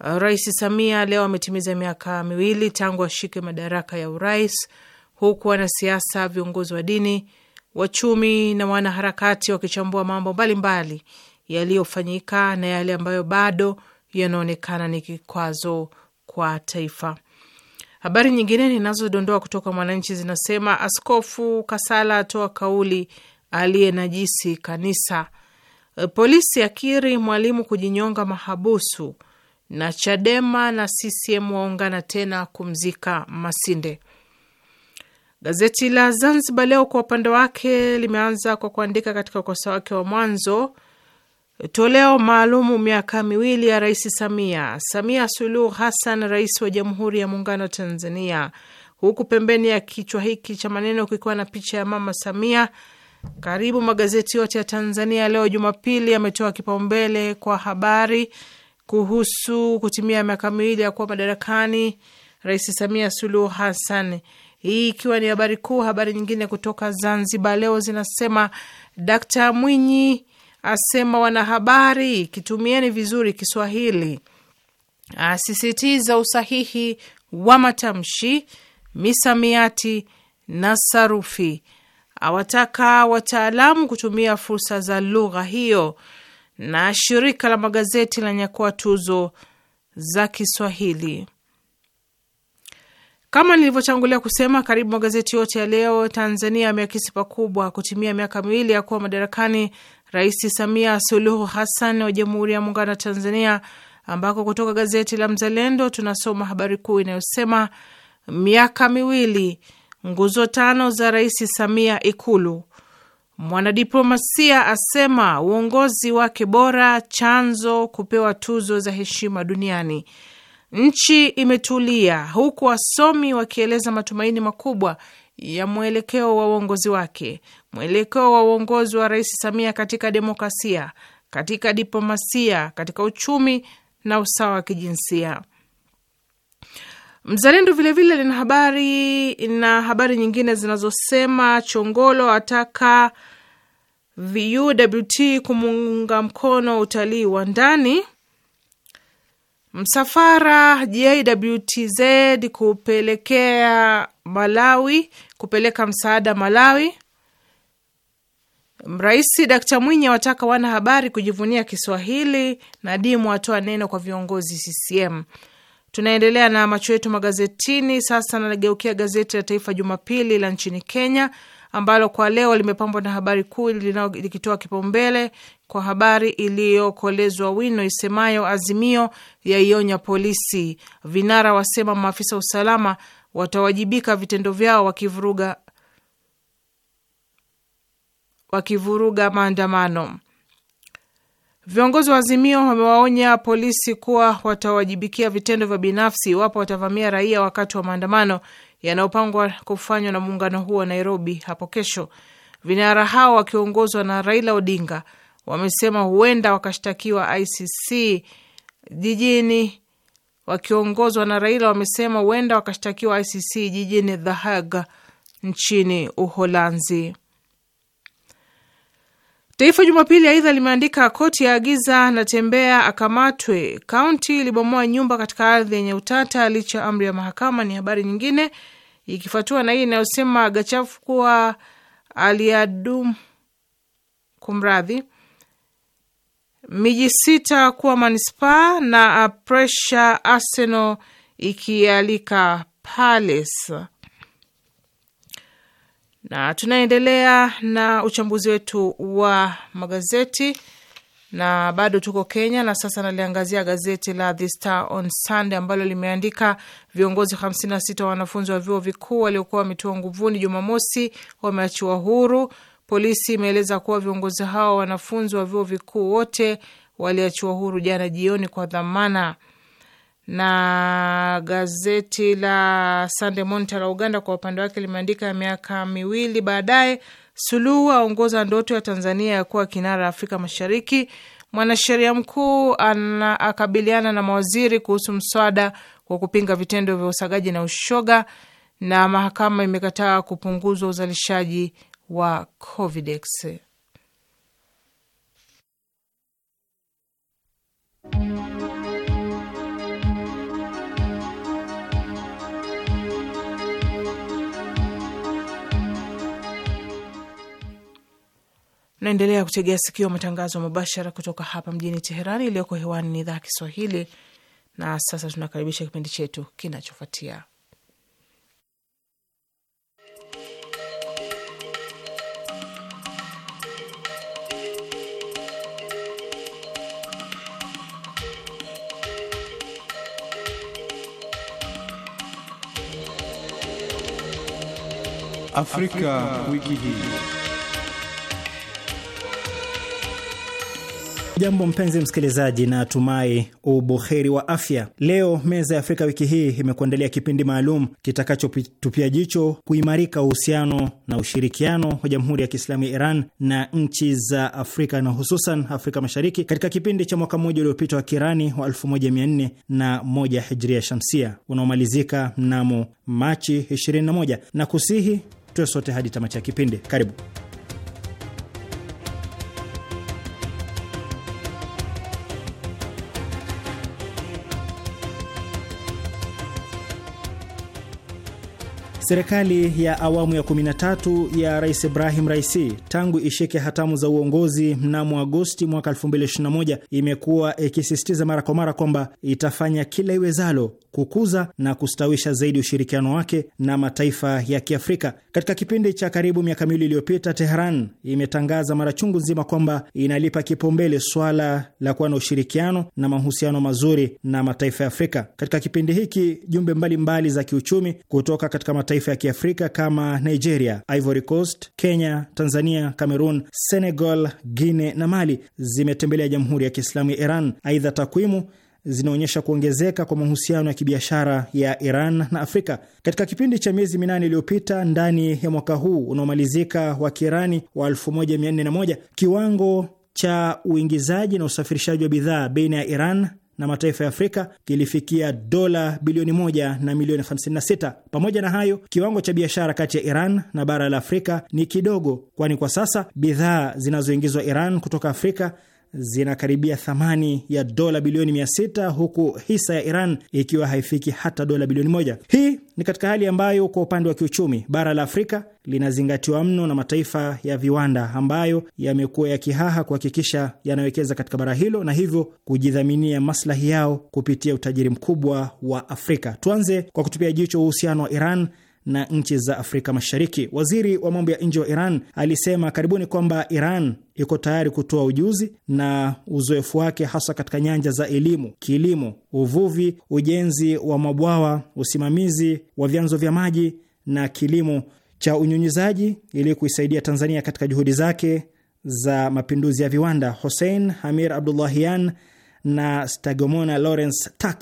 Uh, Rais Samia leo ametimiza miaka miwili tangu ashike madaraka ya urais, huku wanasiasa, viongozi wa dini, wachumi na wanaharakati wakichambua mambo mbalimbali yaliyofanyika na yale ambayo bado yanaonekana ni kikwazo kwa taifa. Habari nyingine ninazodondoa kutoka Mwananchi zinasema Askofu Kasala atoa kauli aliye najisi kanisa. Uh, polisi akiri mwalimu kujinyonga mahabusu na Chadema na CCM waungana tena kumzika Masinde. Gazeti la Zanzibar Leo kwa upande wake limeanza kwa kuandika katika ukurasa wake wa mwanzo, toleo maalumu miaka miwili ya Rais Samia. Samia Suluhu Hassan, rais wa Jamhuri ya Muungano wa Tanzania, huku pembeni ya kichwa hiki cha maneno kukiwa na picha ya Mama Samia. Karibu magazeti yote ya Tanzania leo Jumapili yametoa kipaumbele kwa habari kuhusu kutimia miaka miwili ya kuwa madarakani Rais Samia Suluhu Hassan. Hii ikiwa ni habari kuu. Habari nyingine kutoka Zanzibar leo zinasema dakta Mwinyi asema wanahabari, kitumieni vizuri Kiswahili, asisitiza usahihi wa matamshi, misamiati na sarufi, awataka wataalamu kutumia fursa za lugha hiyo na shirika la magazeti la nyakua tuzo za Kiswahili. Kama nilivyotangulia kusema, karibu magazeti yote ya leo Tanzania ameakisi pakubwa kutimia miaka miwili ya kuwa madarakani Rais Samia Suluhu Hassan wa Jamhuri ya Muungano wa Tanzania, ambako kutoka gazeti la Mzalendo tunasoma habari kuu inayosema miaka miwili, nguzo tano za Rais Samia Ikulu, Mwanadiplomasia asema uongozi wake bora chanzo kupewa tuzo za heshima duniani. Nchi imetulia huku wasomi wakieleza matumaini makubwa ya mwelekeo wa uongozi wake. Mwelekeo wa uongozi wa Rais Samia katika demokrasia, katika diplomasia, katika uchumi na usawa wa kijinsia. Mzalendo vilevile lina habari na habari nyingine zinazosema Chongolo ataka VUWT kumuunga mkono utalii wa ndani. Msafara JWTZ kupelekea Malawi kupeleka msaada Malawi. Rais Dkt Mwinyi awataka wanahabari kujivunia Kiswahili na dimu atoa neno kwa viongozi CCM. Tunaendelea na macho yetu magazetini. Sasa nageukia gazeti la Taifa Jumapili la nchini Kenya, ambalo kwa leo limepambwa na habari kuu likitoa kipaumbele kwa habari iliyokolezwa wino isemayo, Azimio yaionya polisi, vinara wasema maafisa usalama watawajibika vitendo vyao wakivuruga wakivuruga maandamano. Viongozi wa Azimio wamewaonya polisi kuwa watawajibikia vitendo vya binafsi iwapo watavamia raia wakati wa maandamano yanayopangwa kufanywa na muungano huo wa Nairobi hapo kesho. Vinara hao wakiongozwa na Raila Odinga wamesema huenda wakashtakiwa ICC jijini wakiongozwa na Raila wamesema huenda wakashtakiwa ICC jijini The Hague nchini Uholanzi. Taifa Jumapili aidha limeandika koti ya agiza Natembea akamatwe, kaunti ilibomoa nyumba katika ardhi yenye utata licha amri ya mahakama, ni habari nyingine ikifuatiwa na hii inayosema Gachafu kuwa aliadum kumradhi miji sita kuwa manispaa na presha Arsenal ikialika Palace na tunaendelea na uchambuzi wetu wa magazeti na bado tuko Kenya na sasa naliangazia gazeti la The Star on Sunday ambalo limeandika viongozi 56 wa wanafunzi wa vyuo vikuu waliokuwa wametiwa nguvuni Jumamosi wameachiwa huru. Polisi imeeleza kuwa viongozi hao wanafunzi wa vyuo vikuu wote waliachiwa huru jana jioni kwa dhamana na gazeti la Sunday Monitor la Uganda kwa upande wake limeandika miaka miwili baadaye, Suluhu aongoza ndoto ya Tanzania ya kuwa kinara Afrika Mashariki. Mwanasheria mkuu akabiliana na mawaziri kuhusu mswada wa kupinga vitendo vya usagaji na ushoga, na mahakama imekataa kupunguzwa uzalishaji wa Covidex. Naendelea kutegea sikio matangazo mubashara kutoka hapa mjini Teherani, iliyoko hewani ni idhaa Kiswahili. Na sasa tunakaribisha kipindi chetu kinachofuatia Afrika, Afrika wiki hii. jambo mpenzi msikilizaji, na atumai ubuheri wa afya. Leo meza ya Afrika wiki hii imekuandalia kipindi maalum kitakachotupia jicho kuimarika uhusiano na ushirikiano wa Jamhuri ya Kiislamu ya Iran na nchi za Afrika na hususan Afrika Mashariki katika kipindi cha mwaka mmoja uliopita wa kirani wa 1401 hijria shamsia unaomalizika mnamo Machi 21 na kusihi tuwe sote hadi tamacha ya kipindi. Karibu. Serikali ya awamu ya 13 ya Rais Ibrahim Raisi tangu ishike hatamu za uongozi mnamo Agosti mwaka 2021 imekuwa ikisisitiza mara kwa mara kwamba itafanya kila iwezalo kukuza na kustawisha zaidi ushirikiano wake na mataifa ya Kiafrika. Katika kipindi cha karibu miaka miwili iliyopita, teheran imetangaza mara chungu nzima kwamba inalipa kipaumbele swala la kuwa na ushirikiano na mahusiano mazuri na mataifa ya Afrika. Katika kipindi hiki, jumbe mbalimbali mbali za kiuchumi kutoka katika mataifa mataifa ya Kiafrika kama Nigeria, Ivory Coast, Kenya, Tanzania, Cameroon, Senegal, Guinea na Mali zimetembelea Jamhuri ya Kiislamu ya Iran. Aidha, takwimu zinaonyesha kuongezeka kwa mahusiano ya kibiashara ya Iran na Afrika katika kipindi cha miezi minane iliyopita. Ndani ya mwaka huu unaomalizika wa Kiirani wa 1401 kiwango cha uingizaji na usafirishaji wa bidhaa baina ya Iran na mataifa ya Afrika kilifikia dola bilioni moja na milioni 56. Pamoja na hayo, kiwango cha biashara kati ya Iran na bara la Afrika ni kidogo, kwani kwa sasa bidhaa zinazoingizwa Iran kutoka Afrika zinakaribia thamani ya dola bilioni sita huku hisa ya Iran ikiwa haifiki hata dola bilioni moja. Hii ni katika hali ambayo kwa upande wa kiuchumi bara la Afrika linazingatiwa mno na mataifa ya viwanda ambayo yamekuwa yakihaha kuhakikisha yanawekeza katika bara hilo na hivyo kujidhaminia maslahi yao kupitia utajiri mkubwa wa Afrika. Tuanze kwa kutupia jicho uhusiano wa Iran na nchi za Afrika Mashariki. Waziri wa mambo ya nje wa Iran alisema karibuni kwamba Iran iko tayari kutoa ujuzi na uzoefu wake hasa katika nyanja za elimu, kilimo, uvuvi, ujenzi wa mabwawa, usimamizi wa vyanzo vya maji na kilimo cha unyunyizaji ili kuisaidia Tanzania katika juhudi zake za mapinduzi ya viwanda. hossein Hamir Abdullahian na Stagomona Lawrence Tax,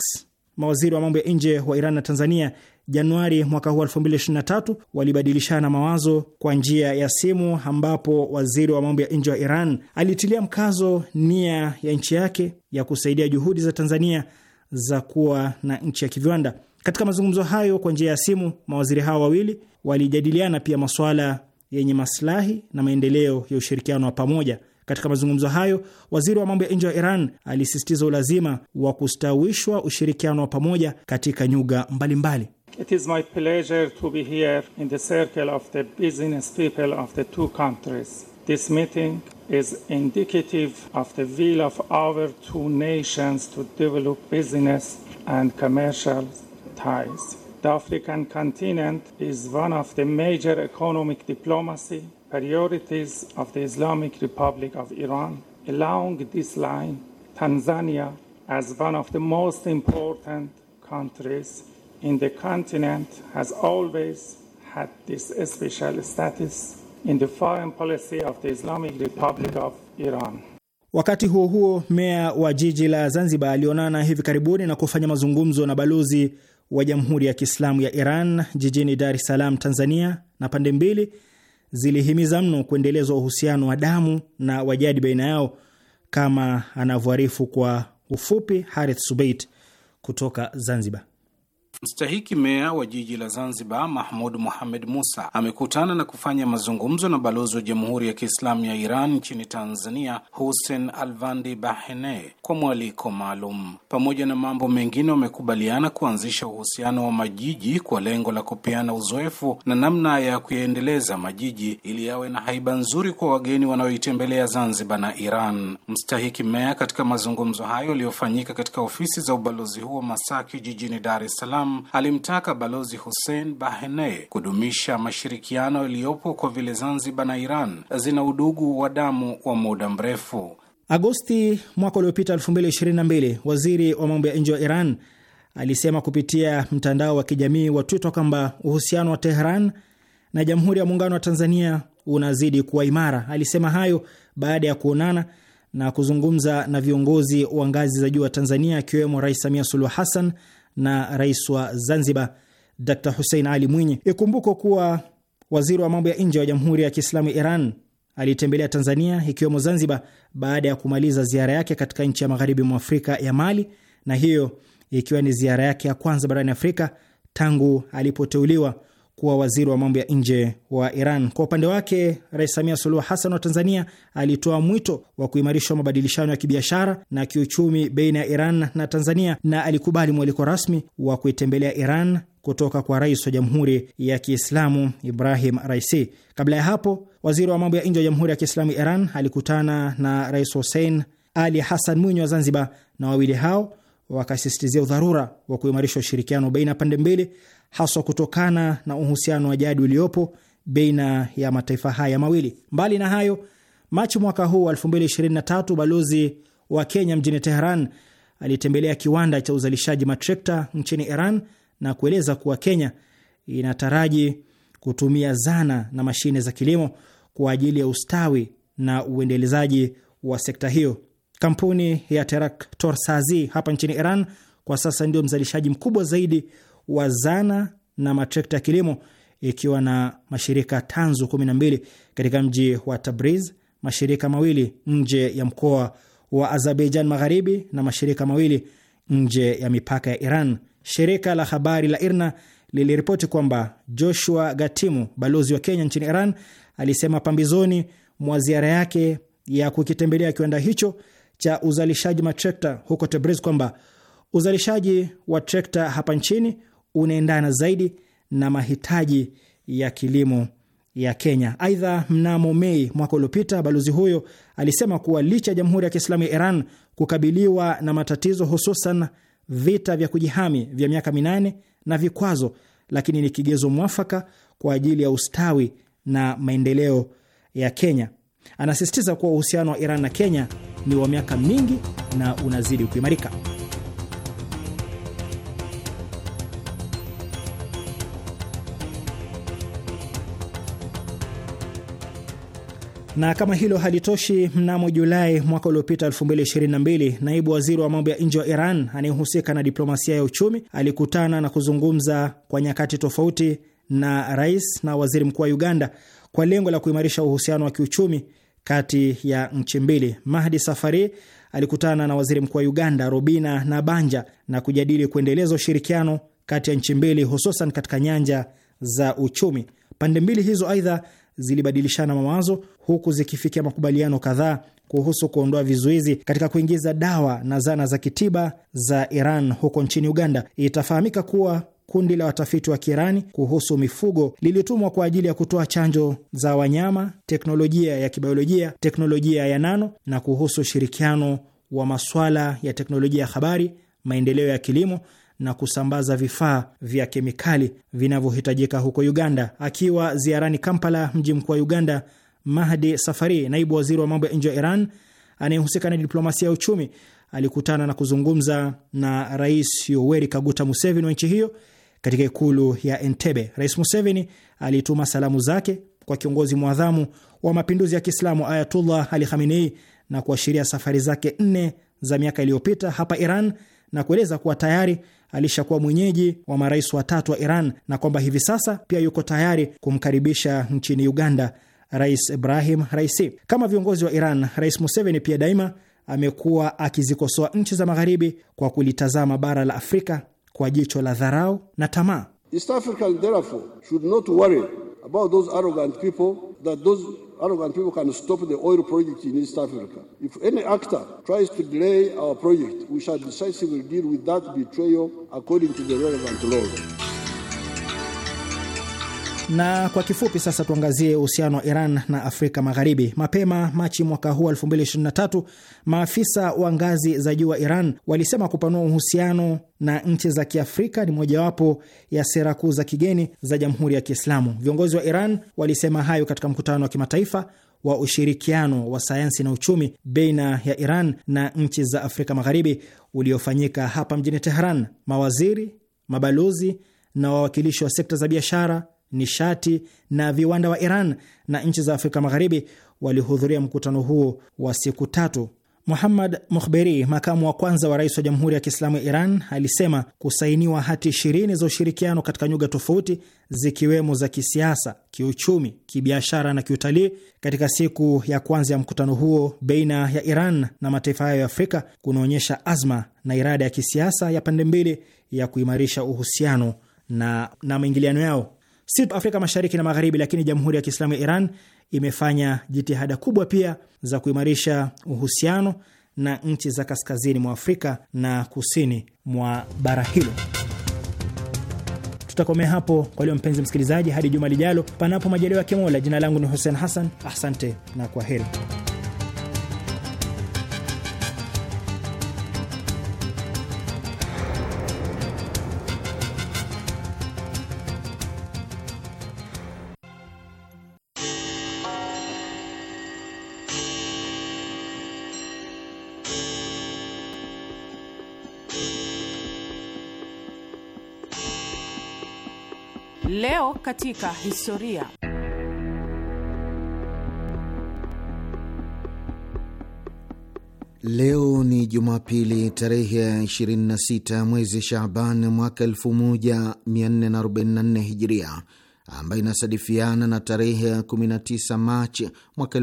mawaziri wa mambo ya nje wa Iran na Tanzania Januari mwaka huu 2023 walibadilishana mawazo kwa njia ya simu, ambapo waziri wa mambo ya nje wa Iran alitilia mkazo nia ya nchi yake ya kusaidia juhudi za Tanzania za kuwa na nchi ya kiviwanda. Katika mazungumzo hayo kwa njia ya simu, mawaziri hao wawili walijadiliana pia masuala yenye maslahi na maendeleo ya ushirikiano wa pamoja. Katika mazungumzo hayo, waziri wa mambo ya nje wa Iran alisisitiza ulazima wa kustawishwa ushirikiano wa pamoja katika nyuga mbalimbali mbali. It is my pleasure to be here in the circle of the business people of the two countries. This meeting is indicative of the will of our two nations to develop business and commercial ties. The African continent is one of the major economic diplomacy priorities of the Islamic Republic of Iran. Along this line, Tanzania, as one of the most important countries in the continent has always had this special status in the foreign policy of the Islamic Republic of Iran. Wakati huo huo, meya wa jiji la Zanzibar alionana hivi karibuni na kufanya mazungumzo na balozi wa Jamhuri ya Kiislamu ya Iran jijini Dar es Salaam, Tanzania, na pande mbili zilihimiza mno kuendelezwa uhusiano wa damu na wajadi baina yao, kama anavyoarifu kwa ufupi Harith Subait kutoka Zanzibar. Mstahiki meya wa jiji la Zanzibar Mahmud Muhamed Musa amekutana na kufanya mazungumzo na balozi wa Jamhuri ya Kiislamu ya Iran nchini Tanzania Hussein Alvandi Bahene kwa mwaliko maalum. Pamoja na mambo mengine, wamekubaliana kuanzisha uhusiano wa majiji kwa lengo la kupeana uzoefu na namna ya kuyaendeleza majiji ili yawe na haiba nzuri kwa wageni wanaoitembelea Zanzibar na Iran. Mstahiki meya katika mazungumzo hayo yaliyofanyika katika ofisi za ubalozi huo Masaki jijini Dar es Salaam Salaam alimtaka Balozi Hussein Bahene kudumisha mashirikiano yaliyopo kwa vile Zanzibar na Iran zina udugu wa damu wa muda mrefu. Agosti mwaka uliopita 2022, waziri wa mambo ya nje wa Iran alisema kupitia mtandao wa kijamii wa Twitter kwamba uhusiano wa Tehran na Jamhuri ya Muungano wa Tanzania unazidi kuwa imara. Alisema hayo baada ya kuonana na kuzungumza na viongozi wa ngazi za juu wa Tanzania akiwemo Rais Samia Suluhu Hassan na rais wa Zanzibar Dr Hussein Ali Mwinyi. ikumbuko kuwa waziri wa mambo ya nje wa Jamhuri ya Kiislamu Iran alitembelea Tanzania ikiwemo Zanzibar baada ya kumaliza ziara yake katika nchi ya magharibi mwa Afrika ya Mali, na hiyo ikiwa ni ziara yake ya kwanza barani Afrika tangu alipoteuliwa kuwa waziri wa mambo ya nje wa Iran. Kwa upande wake, Rais Samia Suluhu Hassan wa Tanzania alitoa mwito wa kuimarishwa mabadilishano ya kibiashara na kiuchumi baina ya Iran na Tanzania na alikubali mwaliko rasmi wa kuitembelea Iran kutoka kwa rais wa Jamhuri ya Kiislamu Ibrahim Raisi. Kabla ya hapo, waziri wa mambo ya nje wa Jamhuri ya Kiislamu Iran alikutana na Rais Hussein Ali Hassan Mwinyi wa Zanzibar, na wawili hao wakasisitizia udharura wa kuimarisha ushirikiano baina ya pande mbili haswa kutokana na uhusiano wa jadi uliopo baina ya mataifa haya mawili. Mbali na hayo, Machi mwaka huu 2023, balozi wa Kenya mjini Teheran alitembelea kiwanda cha uzalishaji matrekta nchini Iran na kueleza kuwa Kenya inataraji kutumia zana na mashine za kilimo kwa ajili ya ustawi na uendelezaji wa sekta hiyo. Kampuni ya Teraktor Sazi hapa nchini Iran kwa sasa ndio mzalishaji mkubwa zaidi wa zana na matrekta ya kilimo ikiwa na mashirika tanzu 12 katika mji wa Tabriz, mashirika mawili nje ya mkoa wa Azerbaijan Magharibi na mashirika mawili nje ya mipaka ya Iran. Shirika la habari la IRNA liliripoti kwamba Joshua Gatimu, balozi wa Kenya nchini Iran, alisema pambizoni mwa ziara yake ya kukitembelea kiwanda hicho cha uzalishaji matrekta huko Tabriz kwamba uzalishaji wa trekta hapa nchini unaendana zaidi na mahitaji ya kilimo ya Kenya. Aidha, mnamo Mei mwaka uliopita balozi huyo alisema kuwa licha ya Jamhuri ya Kiislamu ya Iran kukabiliwa na matatizo, hususan vita vya kujihami vya miaka minane na vikwazo, lakini ni kigezo mwafaka kwa ajili ya ustawi na maendeleo ya Kenya. Anasisitiza kuwa uhusiano wa Iran na Kenya ni wa miaka mingi na unazidi kuimarika. Na kama hilo halitoshi, mnamo Julai mwaka uliopita 2022, naibu waziri wa mambo ya nje wa Iran anayehusika na diplomasia ya uchumi alikutana na kuzungumza kwa nyakati tofauti na rais na waziri mkuu wa Uganda kwa lengo la kuimarisha uhusiano wa kiuchumi kati ya nchi mbili. Mahdi Safari alikutana na waziri mkuu wa Uganda Robina Nabanja na kujadili kuendeleza ushirikiano kati ya nchi mbili, hususan katika nyanja za uchumi. Pande mbili hizo aidha zilibadilishana mawazo huku zikifikia makubaliano kadhaa kuhusu kuondoa vizuizi katika kuingiza dawa na zana za kitiba za Iran huko nchini Uganda. Itafahamika kuwa kundi la watafiti wa kiirani kuhusu mifugo lilitumwa kwa ajili ya kutoa chanjo za wanyama, teknolojia ya kibiolojia, teknolojia ya nano na kuhusu ushirikiano wa maswala ya teknolojia ya habari, maendeleo ya kilimo na kusambaza vifaa vya kemikali vinavyohitajika huko Uganda. Akiwa ziarani Kampala, mji mkuu wa Uganda, Mahdi Safari, naibu waziri wa mambo ya nje wa Iran anayehusika na diplomasia ya uchumi, alikutana na kuzungumza na Rais Yoweri Kaguta Museveni wa nchi hiyo katika ikulu ya Entebbe. Rais Museveni alituma salamu zake kwa kiongozi mwadhamu wa mapinduzi ya Kiislamu Ayatullah Ali Khamenei na kuashiria safari zake nne za miaka iliyopita hapa Iran na kueleza kuwa tayari alishakuwa mwenyeji wa marais watatu wa Iran na kwamba hivi sasa pia yuko tayari kumkaribisha nchini Uganda Rais Ibrahim Raisi. Kama viongozi wa Iran, Rais Museveni pia daima amekuwa akizikosoa nchi za Magharibi kwa kulitazama bara la Afrika kwa jicho la dharau na tamaa. East therefore should not worry about those arrogant people that those arrogant people can stop the oil project in East Africa. If any actor tries to delay our project, we shall decisively deal with that betrayal according to the relevant laws. Na kwa kifupi sasa tuangazie uhusiano wa Iran na Afrika Magharibi. Mapema Machi mwaka huu 2023, maafisa wa ngazi za juu wa Iran walisema kupanua uhusiano na nchi za Kiafrika ni mojawapo ya sera kuu za kigeni za Jamhuri ya Kiislamu. Viongozi wa Iran walisema hayo katika mkutano wa kimataifa wa ushirikiano wa sayansi na uchumi baina ya Iran na nchi za Afrika Magharibi uliofanyika hapa mjini Tehran. Mawaziri, mabalozi na wawakilishi wa sekta za biashara nishati na viwanda wa Iran na nchi za Afrika Magharibi walihudhuria mkutano huo wa siku tatu. Muhammad Mukhberi, makamu wa kwanza wa rais wa Jamhuri ya Kiislamu ya Iran, alisema kusainiwa hati ishirini za ushirikiano katika nyuga tofauti zikiwemo za kisiasa, kiuchumi, kibiashara na kiutalii katika siku ya kwanza ya mkutano huo baina ya Iran na mataifa hayo ya Afrika kunaonyesha azma na irada ya kisiasa ya pande mbili ya kuimarisha uhusiano na, na maingiliano yao si Afrika Mashariki na Magharibi, lakini Jamhuri ya Kiislamu ya Iran imefanya jitihada kubwa pia za kuimarisha uhusiano na nchi za kaskazini mwa Afrika na kusini mwa bara hilo. Tutakomea hapo kwa leo, mpenzi msikilizaji, hadi juma lijalo, panapo majaliwa ya Kimola. Jina langu ni Hussein Hassan, asante na kwa heri. Leo katika historia. Leo ni Jumapili tarehe ya 26 mwezi Shaban mwaka 1444 Hijiria, ambayo inasadifiana na tarehe ya 19 Machi mwaka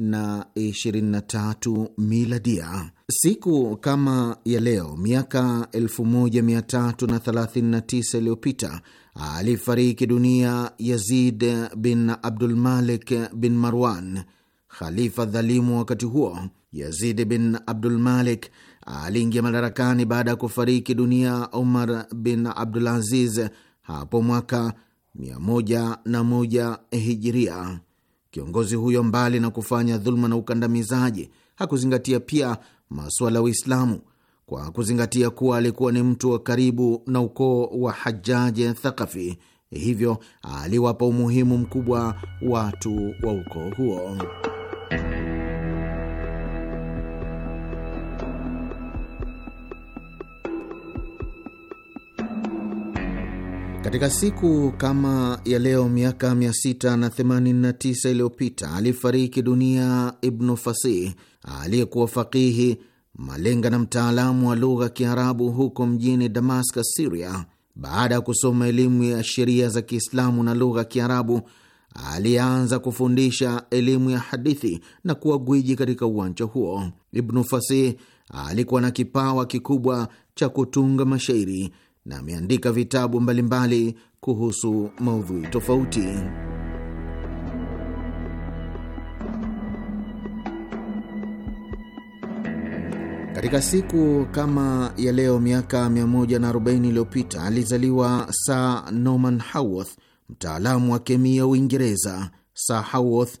na 23 miladia. Siku kama ya leo miaka 1339 iliyopita alifariki dunia Yazid bin Abdul Malik bin Marwan, khalifa dhalimu wakati huo. Yazid bin Abdul Malik aliingia madarakani baada ya kufariki dunia Umar bin Abdul Aziz hapo mwaka 101 hijiria. Kiongozi huyo mbali na kufanya dhuluma na ukandamizaji, hakuzingatia pia masuala ya Uislamu kwa kuzingatia kuwa alikuwa ni mtu wa karibu na ukoo wa Hajaji thakafi hivyo aliwapa umuhimu mkubwa watu wa ukoo huo. Katika siku kama ya leo miaka 689 iliyopita alifariki dunia Ibnu Fasih aliyekuwa fakihi, malenga na mtaalamu wa lugha ya Kiarabu huko mjini Damascus, Siria. Baada ya kusoma elimu ya sheria za Kiislamu na lugha ya Kiarabu, alianza kufundisha elimu ya hadithi na kuwa gwiji katika uwanja huo. Ibnu Fasih alikuwa na kipawa kikubwa cha kutunga mashairi na ameandika vitabu mbalimbali mbali kuhusu maudhui tofauti. Katika siku kama ya leo miaka 140 iliyopita alizaliwa Sir Norman Haworth, mtaalamu wa kemia Uingereza. Sir Haworth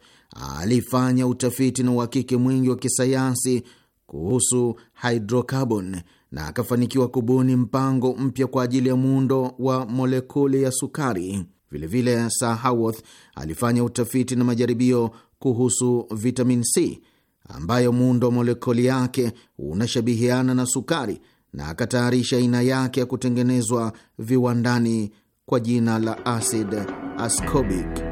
alifanya utafiti na uhakiki mwingi wa kisayansi kuhusu hydrocarbon na akafanikiwa kubuni mpango mpya kwa ajili ya muundo wa molekuli ya sukari. Vilevile vile Sir Haworth alifanya utafiti na majaribio kuhusu vitamin C ambayo muundo wa molekuli yake unashabihiana na sukari, na akatayarisha aina yake ya kutengenezwa viwandani kwa jina la acid ascorbic.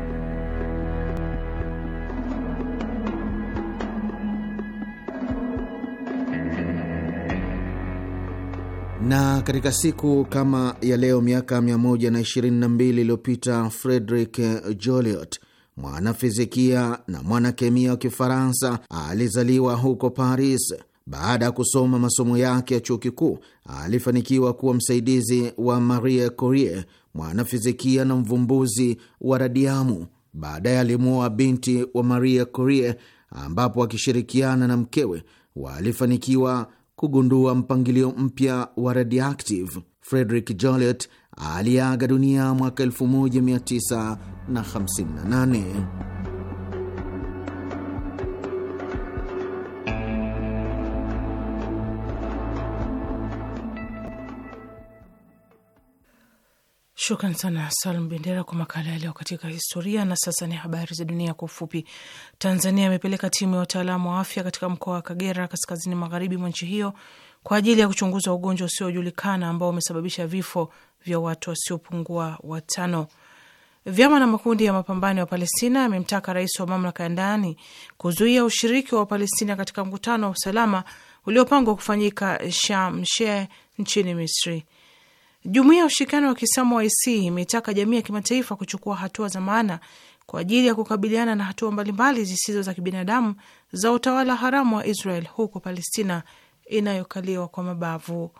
Na katika siku kama ya leo miaka 122 iliyopita Frederick Joliot mwanafizikia na mwanakemia wa Kifaransa alizaliwa huko Paris. Baada ya kusoma masomo yake ya chuo kikuu, alifanikiwa kuwa msaidizi wa Marie Curie, mwanafizikia na mvumbuzi wa radiamu. Baadaye alimwoa binti wa Marie Curie, ambapo akishirikiana na mkewe walifanikiwa kugundua mpangilio mpya wa radioactive. Frederick Joliot aliaga dunia mwaka 1958. Shukran sana Salum Bendera kwa makala ya leo katika historia. Na sasa ni habari za dunia kwa ufupi. Tanzania imepeleka timu ya wataalamu wa afya katika mkoa wa Kagera, kaskazini magharibi mwa nchi hiyo kwa ajili ya kuchunguza ugonjwa usiojulikana ambao umesababisha vifo vya watu wasiopungua watano. Vyama na makundi ya mapambano ya Palestina yamemtaka rais wa mamlaka ya ndani kuzuia ushiriki wa Wapalestina katika mkutano wa usalama uliopangwa kufanyika Shamshe nchini Misri. Jumuiya ya ushirikiano wa Kiislamu wa OIC imetaka jamii ya kimataifa kuchukua hatua za maana kwa ajili ya kukabiliana na hatua mbalimbali zisizo za kibinadamu za utawala haramu wa Israel huko Palestina inayokaliwa kwa mabavu.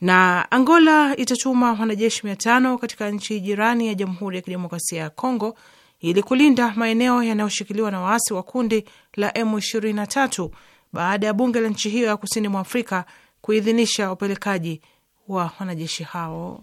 Na Angola itatuma wanajeshi mia tano katika nchi jirani ya Jamhuri ya Kidemokrasia ya Kongo ili kulinda maeneo yanayoshikiliwa na waasi wa kundi la M23 baada ya bunge la nchi hiyo ya kusini mwa Afrika kuidhinisha upelekaji wa wanajeshi hao